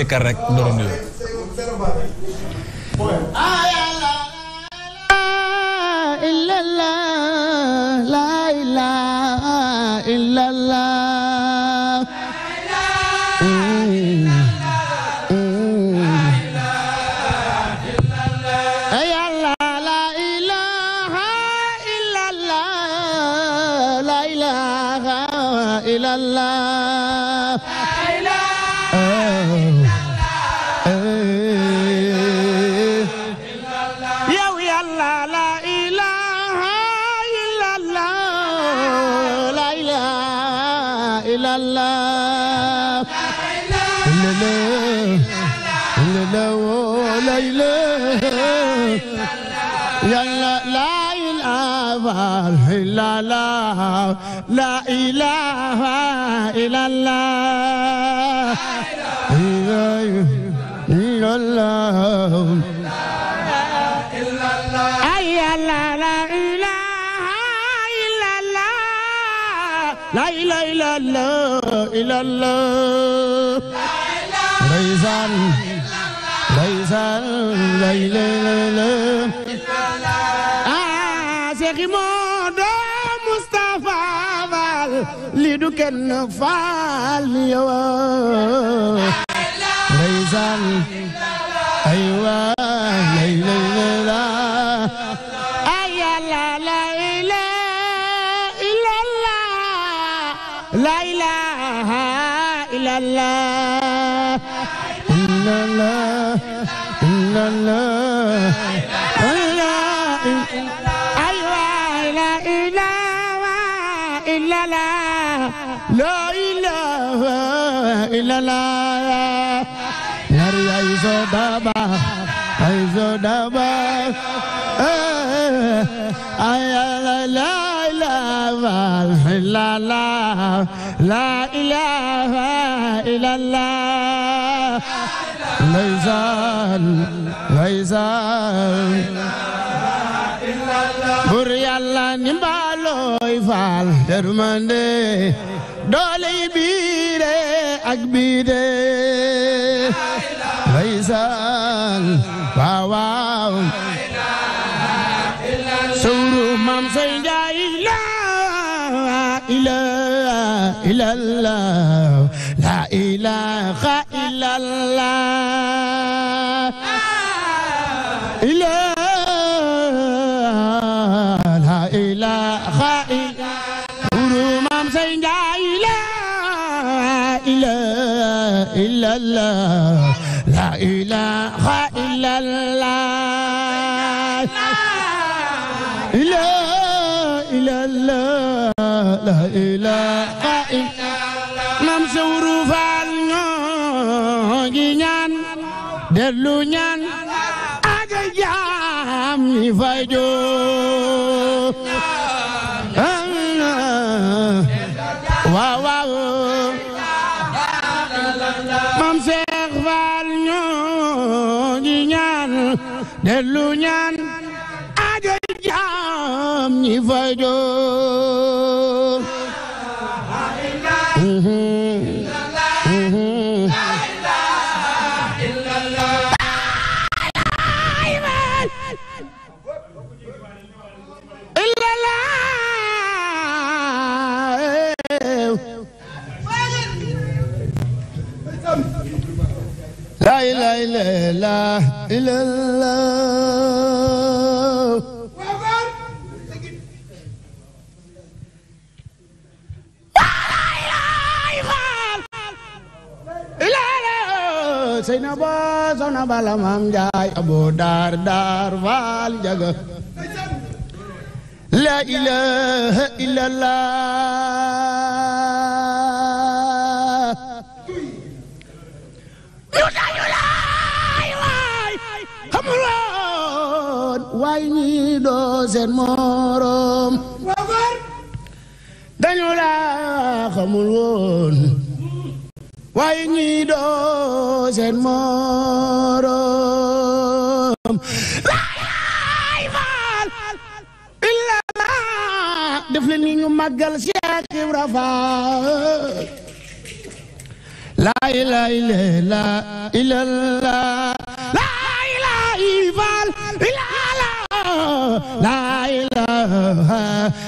sikkar rek doro nuyu la إلا الله لا لا لا إله إلا لا إله إلا الله لا إله إلا الله لا إله إلا الله illallah illallah ndeysaan ndeysaan la illallah ah Cheikh Modou Moustapha Fall li du kenn faal yow ndeysaan aywa إلا لا لا إله إلا لا يا يسوع دابا يسوع دابا لا لا إلا لا لا إله إلا الله لا يزال لا يزال بري الله نبا faal yërmande doole yi biire ak biire laysaan waaw waaw sawru mam say njaay la ilaha illallah la ilaha illallah إلا الله لا إله إلا الله لا إله إلا الله لا إله إلا الله مام سورو فال ñogi ñaan dellu ñaan aga jaam ñi fay joo waaw waaw faal ñoo ngi ñaan dellu ñaan aajo jaam ñi fajoo ilaha illallah seyna bo sona bala mam njaay abo dar dar jaga la ilaha illallah way ñi doo seen morom dañu laa xamul woon way ñi doo seen morom laay faal illa la def leen ni ñu màggal Cheikh Ibra Faal la ilaha illallah illallah la ilaha illallah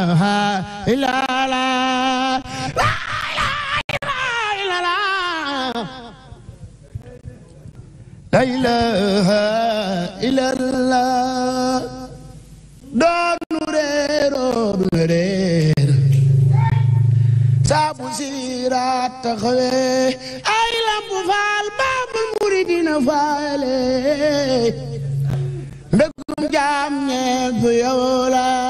la ilaha illallah doonu reeroo du reer saabu siiraat taxawee ay lampu faal baabul muridina faale mbégum jaam ñeel fu yow la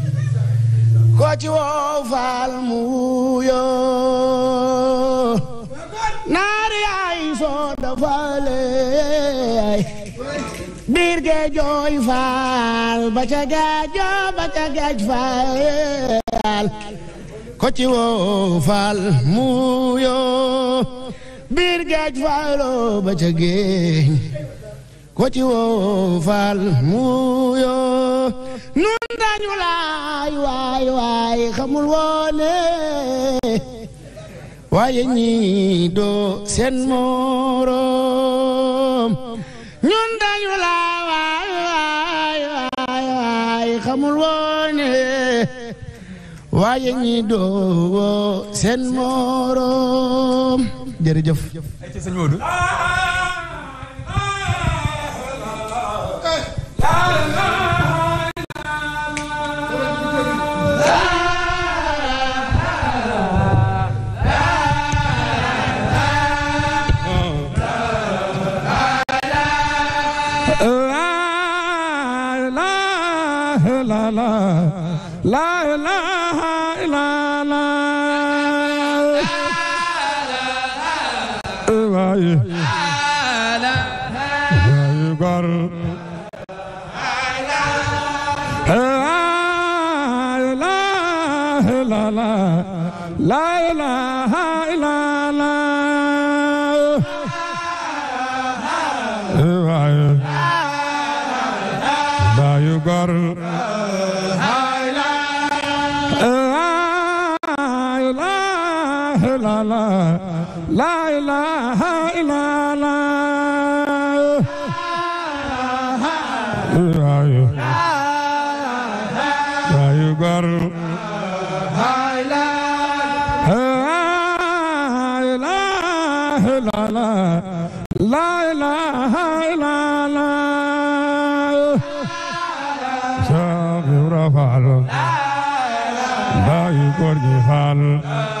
koo ci woow faal mu naar yaay soo dafalee biir jooy faal ba ca géej ba ca géej faal ko ci woow faal mu wuyoo biir faaloo ba ca géej ko ci woow faal mu ñu laay waay waay xamul waaye ñii doo seen morom ñun dañu laa waay waay waay waay xamul woone waaye ñii doo seen morom jërëjëf sëñ Modou ilaha la la la ilaha illa la waaye waaye góor la la la ilaha illa la waaye waaye góor الله لا إله إلا الله رايو رايو غر لا إله إلا الله شاب رفع لا إله إلا الله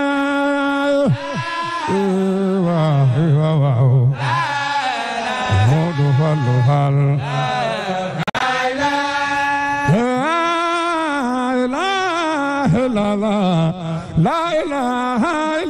la la la la